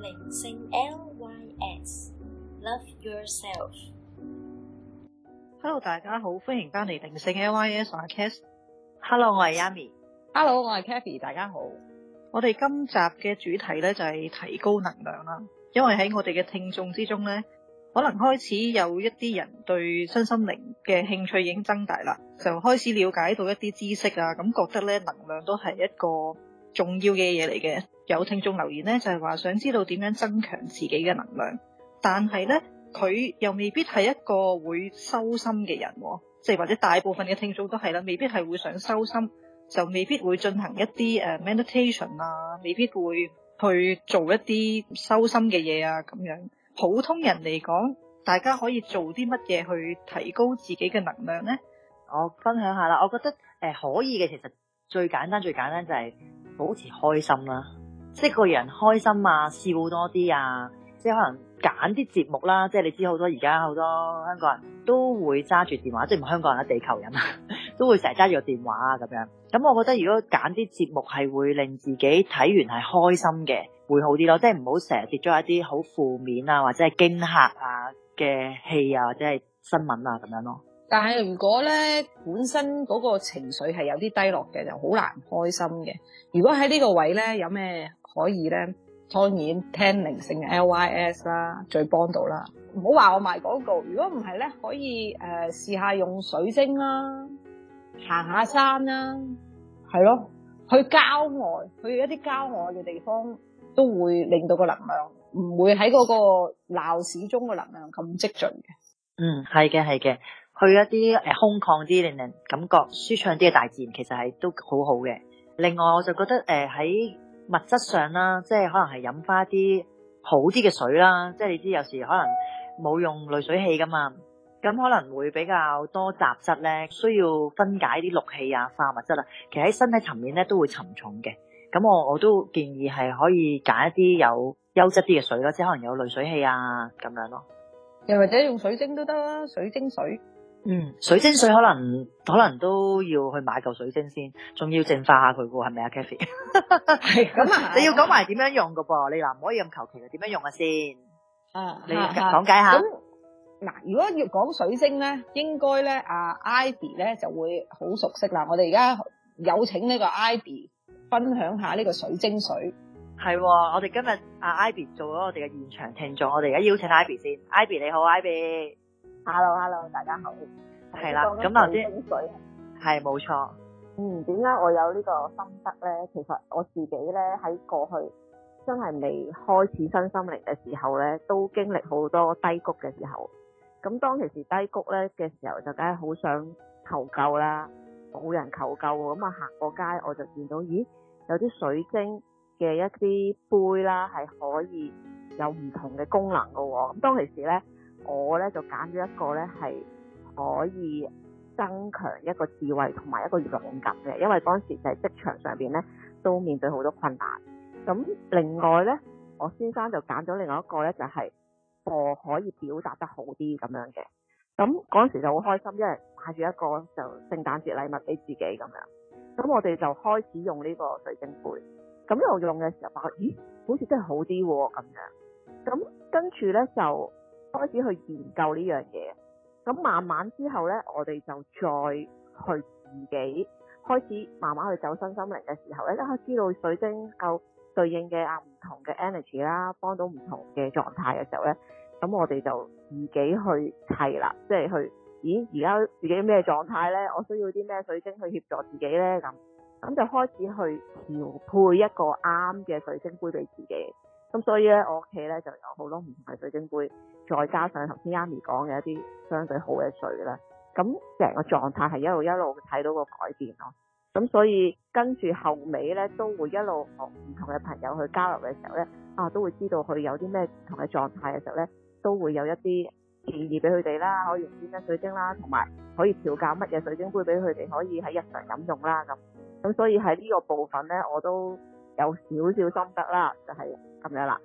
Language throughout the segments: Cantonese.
靈性 L Y S，Love Yourself。Hello，大家好，歡迎翻嚟靈性 L Y S。啊、我係 Kes。Hello，我係 Amy。Hello，我係 Kathy。大家好。我哋今集嘅主題咧就係提高能量啦。因為喺我哋嘅聽眾之中咧，可能開始有一啲人對身心靈嘅興趣已經增大啦，就開始了解到一啲知識啊，咁覺得咧能量都係一個。重要嘅嘢嚟嘅，有聽眾留言呢，就係話想知道點樣增強自己嘅能量，但係呢，佢又未必係一個會修心嘅人，即係或者大部分嘅聽眾都係啦，未必係會想修心，就未必會進行一啲誒 meditation 啊，未必會去做一啲修心嘅嘢啊，咁樣普通人嚟講，大家可以做啲乜嘢去提高自己嘅能量呢？我分享下啦，我覺得誒可以嘅，其實最簡單最簡單就係。保持開心啦、啊，即係個人開心啊，笑多啲啊，即係可能揀啲節目啦，即係你知好多而家好多香港人都會揸住電話，即係唔係香港人啦、啊，地球人啊，都會成日揸住個電話啊咁樣。咁我覺得如果揀啲節目係會令自己睇完係開心嘅，會好啲咯、啊，即係唔好成日跌咗一啲好負面啊，或者係驚嚇啊嘅戲啊，或者係新聞啊咁樣咯、啊。但係如果咧，本身嗰個情緒係有啲低落嘅，就好難開心嘅。如果喺呢個位咧，有咩可以咧，當然聽靈性嘅 LYS 啦，最幫到啦。唔好話我賣廣告，如果唔係咧，可以誒試下用水晶啦，行下山啦，係咯，去郊外，去一啲郊外嘅地方，都會令到個能量唔會喺嗰個鬧市中嘅能量咁積聚嘅。嗯，係嘅，係嘅。去一啲誒、呃、空曠啲，令人感覺舒暢啲嘅大自然，其實係都好好嘅。另外，我就覺得誒喺、呃、物質上啦，即係可能係飲翻啲好啲嘅水啦。即係你知有時可能冇用濾水器噶嘛，咁可能會比較多雜質咧，需要分解啲氯氣啊、化物質啊。其實喺身體層面咧都會沉重嘅。咁我我都建議係可以揀一啲有優質啲嘅水咯，即係可能有濾水器啊咁樣咯。又或者用水晶都得啦，水晶水。嗯，水晶水可能可能都要去買嚿水晶先，仲要淨化下佢噶喎，係咪啊？Cathy，係咁啊，你要講埋點樣用噶噃？你嗱，唔可以咁求其嘅，點樣用啊先？啊，你講解下。咁嗱，如果要講水晶咧，應該咧啊，Ivy 咧就會好熟悉啦。我哋而家有請呢個 Ivy 分享下呢個水晶水。係，我哋今日啊，Ivy 做咗我哋嘅現場聽眾，我哋而家邀請 Ivy 先，Ivy 你好，Ivy。Hello，Hello，大家好。係啦，咁頭先啲水係冇錯。嗯，點解我有呢個心得咧？其實我自己咧喺過去真係未開始身心靈嘅時候咧，都經歷好多低谷嘅時候。咁當其時低谷咧嘅時候，就梗係好想求救啦，冇人求救。咁啊行過街，我就見到，咦，有啲水晶嘅一啲杯啦，係可以有唔同嘅功能噶。咁當其時咧。我咧就揀咗一個咧，係可以增強一個智慧同埋一個勇敢嘅，因為當時就係職場上面咧都面對好多困難。咁另外咧，我先生就揀咗另外一個咧，就係、是、我可以表達得好啲咁樣嘅。咁嗰陣時就好開心，因為買住一個就聖誕節禮物俾自己咁樣。咁我哋就開始用呢個水晶杯，咁我用嘅時候發覺，咦，好似真係好啲喎咁樣。咁跟住咧就。開始去研究呢樣嘢，咁慢慢之後呢，我哋就再去自己開始慢慢去走身心靈嘅時候呢，一開始知道水晶有對應嘅啊唔同嘅 energy 啦，幫到唔同嘅狀態嘅時候呢，咁我哋就自己去砌啦，即係去咦，而家自己咩狀態呢？我需要啲咩水晶去協助自己呢？咁咁就開始去調配一個啱嘅水晶杯俾自己。咁所以呢，我屋企呢就有好多唔同嘅水晶杯。再加上頭先 Amy 講嘅一啲相對好嘅水咧，咁成個狀態係一路一路睇到個改變咯。咁所以跟住後尾呢，都會一路同唔同嘅朋友去交流嘅時候呢，啊都會知道佢有啲咩唔同嘅狀態嘅時候呢，都會有一啲建議俾佢哋啦，可以用啲咩水晶啦，同埋可以調教乜嘢水晶杯俾佢哋可以喺日常飲用啦咁。咁所以喺呢個部分呢，我都有少少心得啦，就係咁樣啦。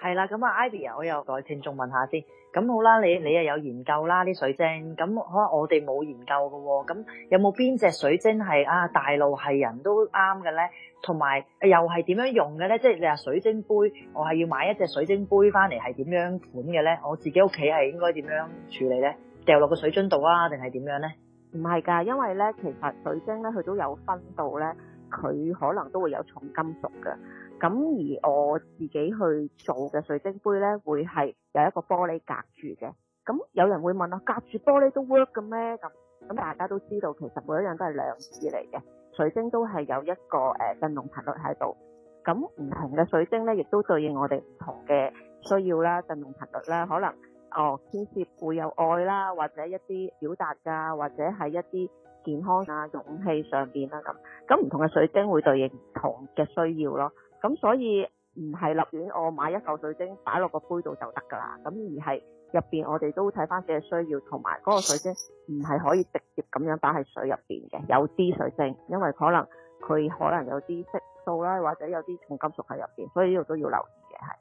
係啦，咁啊，Ivy 啊，我又再聽眾問下先。咁好啦，你你啊有研究啦啲水晶，咁可能我哋冇研究嘅喎。咁有冇邊隻水晶係啊大陸係人都啱嘅咧？同埋又係點樣用嘅咧？即係你話水晶杯，我係要買一隻水晶杯翻嚟，係點樣款嘅咧？我自己屋企係應該點樣處理咧？掉落個水樽度啊，定係點樣咧？唔係噶，因為咧，其實水晶咧，佢都有分度咧，佢可能都會有重金屬嘅。咁而我自己去做嘅水晶杯咧，會係有一個玻璃隔住嘅。咁有人會問啊，隔住玻璃都 work 嘅咩？咁咁大家都知道，其實每一樣都係量子嚟嘅。水晶都係有一個誒振動頻率喺度。咁唔同嘅水晶咧，亦都對應我哋唔同嘅需要啦，振動頻率啦，可能哦牽涉會有愛啦，或者一啲表達噶，或者係一啲健康啊、勇氣上邊啦咁。咁唔同嘅水晶會對應唔同嘅需要咯。咁所以唔係立亂我買一嚿水晶擺落個杯度就得噶啦，咁而係入邊我哋都睇翻自己需要，同埋嗰個水晶唔係可以直接咁樣擺喺水入邊嘅，有啲水晶因為可能佢可能有啲色素啦，或者有啲重金屬喺入邊，所以呢度都要留意嘅係。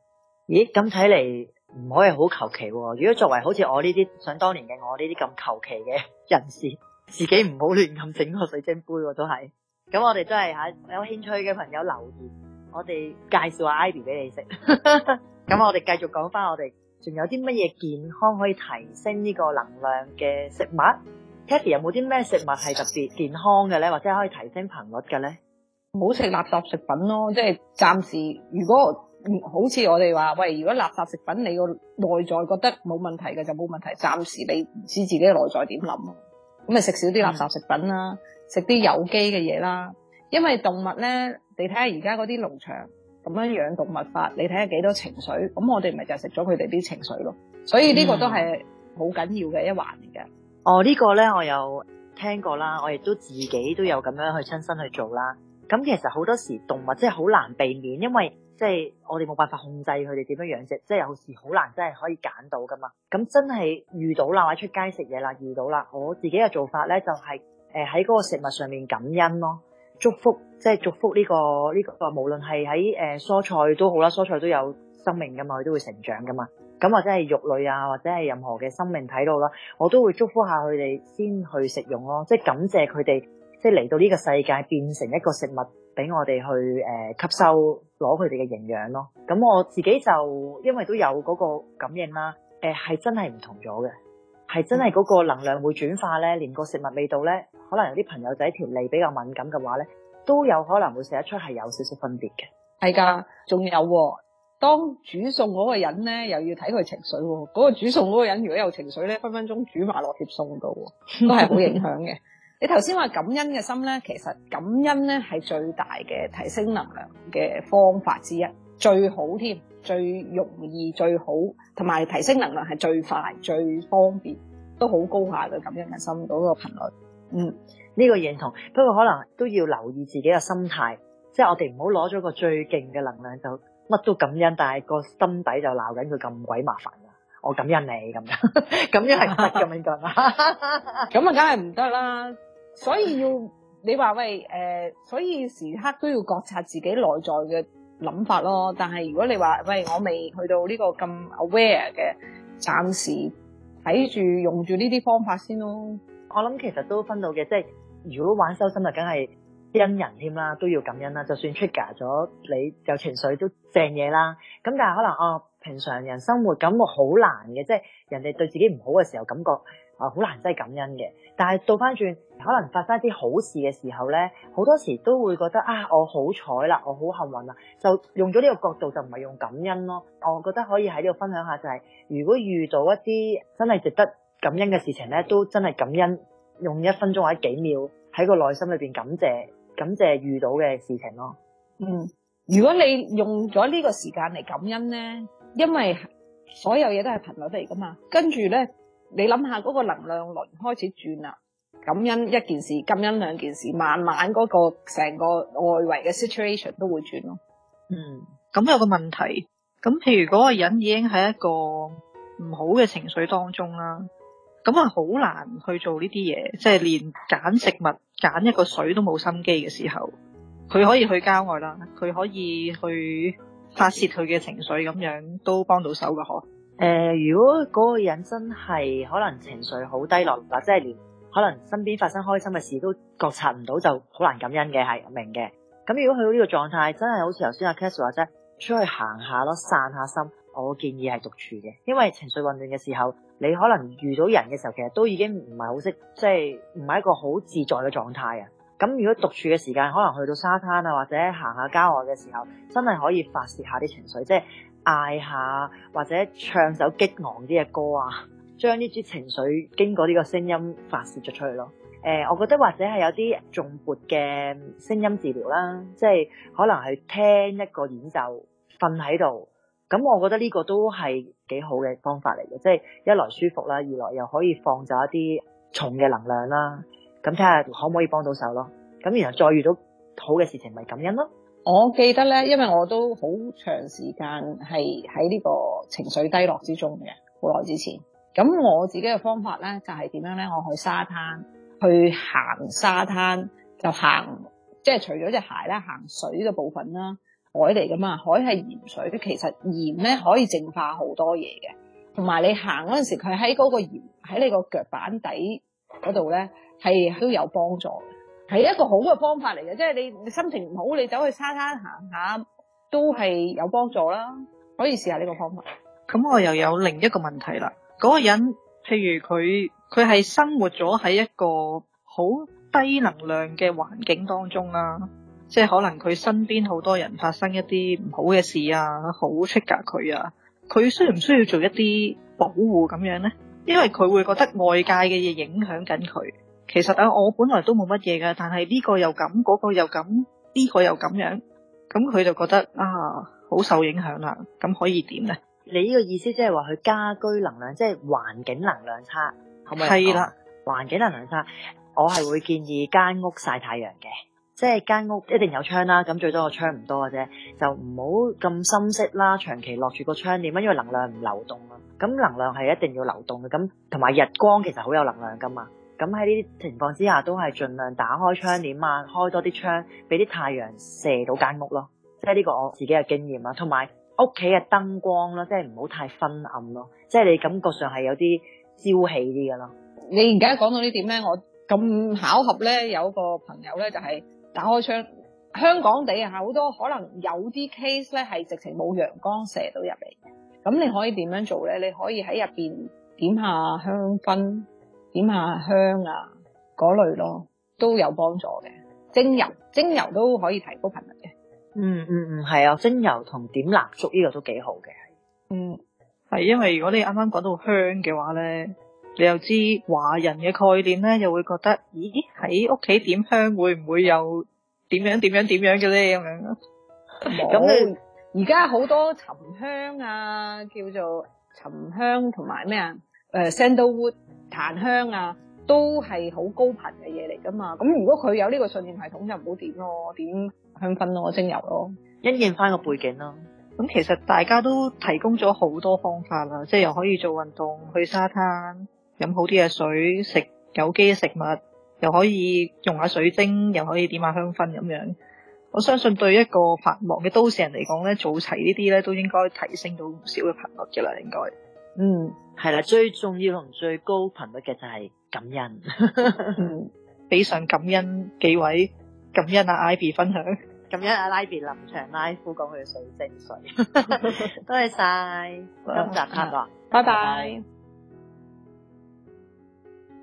咦，咁睇嚟唔可以好求其喎？如果作為好似我呢啲想當年嘅我呢啲咁求其嘅人士，自己唔好亂咁整個水晶杯喎，啊，都係。咁我哋都係吓有興趣嘅朋友留意。我哋介紹下 Ivy 俾你食。咁 我哋繼續講翻我哋仲有啲乜嘢健康可以提升呢個能量嘅食物？Katie 有冇啲咩食物係特別健康嘅咧？或者可以提升頻率嘅咧？唔好食垃圾食品咯，即係暫時。如果好似我哋話，喂，如果垃圾食品你個內在覺得冇問題嘅就冇問題。暫時你唔知自己內在點諗，咁咪食少啲垃圾食品啦，食啲、嗯、有機嘅嘢啦。因為動物咧。你睇下而家嗰啲農場咁樣養動物法，你睇下幾多情緒，咁我哋咪就食咗佢哋啲情緒咯。所以呢個都係好緊要嘅一環嚟嘅、嗯。哦，呢個呢，我有聽過啦，我亦都自己都有咁樣去親身去做啦。咁其實好多時動物真係好難避免，因為即係我哋冇辦法控制佢哋點樣養殖，即係有時好難真係可以揀到噶嘛。咁真係遇到啦，或者出街食嘢啦，遇到啦，我自己嘅做法呢，就係誒喺嗰個食物上面感恩咯。祝福即係祝福呢個呢個無論係喺誒蔬菜都好啦，蔬菜都有生命噶嘛，佢都會成長噶嘛。咁或者係肉類啊，或者係任何嘅生命體度啦，我都會祝福下佢哋先去食用咯，即係感謝佢哋即係嚟到呢個世界變成一個食物俾我哋去誒吸收攞佢哋嘅營養咯。咁我自己就因為都有嗰個感應啦，誒係真係唔同咗嘅，係真係嗰個能量會轉化咧，連個食物味道咧。可能有啲朋友仔條脷比較敏感嘅話呢都有可能會試得出係有少少分別嘅。係噶，仲有、喎、當煮餸嗰個人呢，又要睇佢情緒喎、哦。嗰、嗰個煮餸嗰個人如果有情緒呢，分分鐘煮埋落碟餸度、喎，都係好影響嘅。 你頭先話感恩嘅心呢，其實感恩呢係最大嘅提升能量嘅方法之一，最好添，最容易，最好同埋提升能量係最快、最方便，都好高下嘅感恩嘅心嗰、嗰個頻率。嗯，呢個認同，不過可能都要留意自己嘅心態，即係我哋唔好攞咗個最勁嘅能量就乜都感恩，但係個心底就鬧緊佢咁鬼麻煩噶，我感恩你咁樣，咁樣係唔得咁樣噶，咁啊，梗係唔得啦。所以要你話喂，誒，所以時刻都要覺察自己內在嘅諗法咯。但係如果你話喂，我未去到呢個咁 aware 嘅，暫時睇住用住呢啲方法先咯。我諗其實都分到嘅，即係如果玩修心就梗係恩人添啦，都要感恩啦。就算 trigger 咗你有情緒都正嘢啦。咁但係可能哦，平常人生活感覺好難嘅，即係人哋對自己唔好嘅時候感覺啊好難真係感恩嘅。但係倒翻轉，可能發生一啲好事嘅時候呢，好多時都會覺得啊，我好彩啦，我好幸運啦，就用咗呢個角度就唔係用感恩咯。我覺得可以喺呢度分享下就係，如果遇到一啲真係值得。感恩嘅事情咧，都真係感恩，用一分鐘或者幾秒喺個內心裏邊感謝感謝遇到嘅事情咯。嗯，如果你用咗呢個時間嚟感恩呢，因為所有嘢都係頻率嚟噶嘛，跟住呢你諗下嗰個能量輪開始轉啦。感恩一件事，感恩兩件事，慢慢嗰個成個外圍嘅 situation 都會轉咯。嗯，咁有個問題，咁譬如嗰個人已經喺一個唔好嘅情緒當中啦。咁啊，好難去做呢啲嘢，即係連揀食物、揀一個水都冇心機嘅時候，佢可以去郊外啦，佢可以去發泄佢嘅情緒，咁樣都幫到手嘅。嗬，誒，如果嗰個人真係可能情緒好低落，或者係連可能身邊發生開心嘅事都覺察唔到，就好難感恩嘅，係明嘅。咁如果去到呢個狀態，真係好似頭先阿 Kass 話齋，出去行下咯，散下心，我建議係獨處嘅，因為情緒混亂嘅時候。你可能遇到人嘅時候，其實都已經唔係好識，即係唔係一個好自在嘅狀態啊！咁如果獨處嘅時間，可能去到沙灘啊，或者行下郊外嘅時候，真係可以發泄下啲情緒，即係嗌下或者唱首激昂啲嘅歌啊，將呢啲情緒經過呢個聲音發泄咗出去咯。誒，我覺得或者係有啲頌缽嘅聲音治療啦，即係可能係聽一個演奏瞓喺度，咁我覺得呢個都係。幾好嘅方法嚟嘅，即係一來舒服啦，二來又可以放走一啲重嘅能量啦，咁睇下可唔可以幫到手咯。咁然後再遇到好嘅事情，咪感恩咯。我記得咧，因為我都好長時間係喺呢個情緒低落之中嘅，好耐之前。咁我自己嘅方法咧，就係點樣咧？我去沙灘去行沙灘，就行，即係除咗隻鞋咧，行水嘅部分啦。海嚟噶嘛？海係鹽水，其實鹽咧可以淨化好多嘢嘅。同埋你行嗰陣時候，佢喺嗰個鹽喺你個腳板底嗰度咧，係都有幫助嘅，係一個好嘅方法嚟嘅。即、就、係、是、你心情唔好，你走去沙灘行下都係有幫助啦，可以試下呢個方法。咁我又有另一個問題啦，嗰、那個人，譬如佢佢係生活咗喺一個好低能量嘅環境當中啦。即係可能佢身邊好多人發生一啲唔好嘅事啊，好 trigger 佢啊，佢需唔需要做一啲保護咁樣呢？因為佢會覺得外界嘅嘢影響緊佢。其實啊，我本來都冇乜嘢噶，但係呢個又咁，嗰、那個又咁，呢、這個又咁樣，咁佢就覺得啊，好受影響啦。咁可以點呢？你呢個意思即係話佢家居能量，即係環境能量差，係咪？係啦對了、哦，環境能量差，我係會建議間屋曬太陽嘅。即係間屋一定有窗啦，咁最多個窗唔多嘅啫，就唔好咁深色啦。長期落住個窗簾，因為能量唔流動啊。咁能量係一定要流動嘅，咁同埋日光其實好有能量噶嘛。咁喺呢啲情況之下，都係盡量打開窗簾啊，開多啲窗，俾啲太陽射到間屋咯。即係呢個我自己嘅經驗啦，同埋屋企嘅燈光啦，即係唔好太昏暗咯。即係你感覺上係有啲朝氣啲噶咯。你而家講到呢點咧，我咁巧合咧，有個朋友咧就係……打開窗，香港地係好多可能有啲 case 咧，係直情冇陽光射到入嚟嘅。咁你可以點樣做咧？你可以喺入邊點下香薰、點下香啊嗰類咯，都有幫助嘅。精油，精油都可以提高頻率嘅。嗯嗯嗯，係啊，精油同點蠟燭呢個都幾好嘅。嗯，係、嗯、因為如果你啱啱講到香嘅話咧。你又知華人嘅概念咧，又會覺得，咦？喺屋企點香會唔會有點樣點樣點樣嘅咧？咁樣、嗯，咯 你。而家好多沉香啊，叫做沉香同埋咩啊？誒、呃、Sandalwood 檀香啊，都係好高頻嘅嘢嚟噶嘛。咁如果佢有呢個信念系統，就唔好點咯，點香薰咯、啊，我精油咯、啊，因應翻個背景咯、啊。咁其實大家都提供咗好多方法啦、啊，即係又可以做運動，去沙灘。飲好啲嘅水，食有機嘅食物，又可以用下水晶，又可以點下香薰咁樣。我相信對一個繁忙嘅都市人嚟講咧，做齊呢啲咧都應該提升到唔少嘅頻率嘅啦。應該，嗯，係啦，最重要同最高頻率嘅就係感恩， 非常、嗯、感恩幾位，感恩阿、啊、Ivy 分享，感恩阿 Ivy 臨場拉夫講佢嘅水晶水， 多謝晒，咁就咁啦，拜拜。拜拜。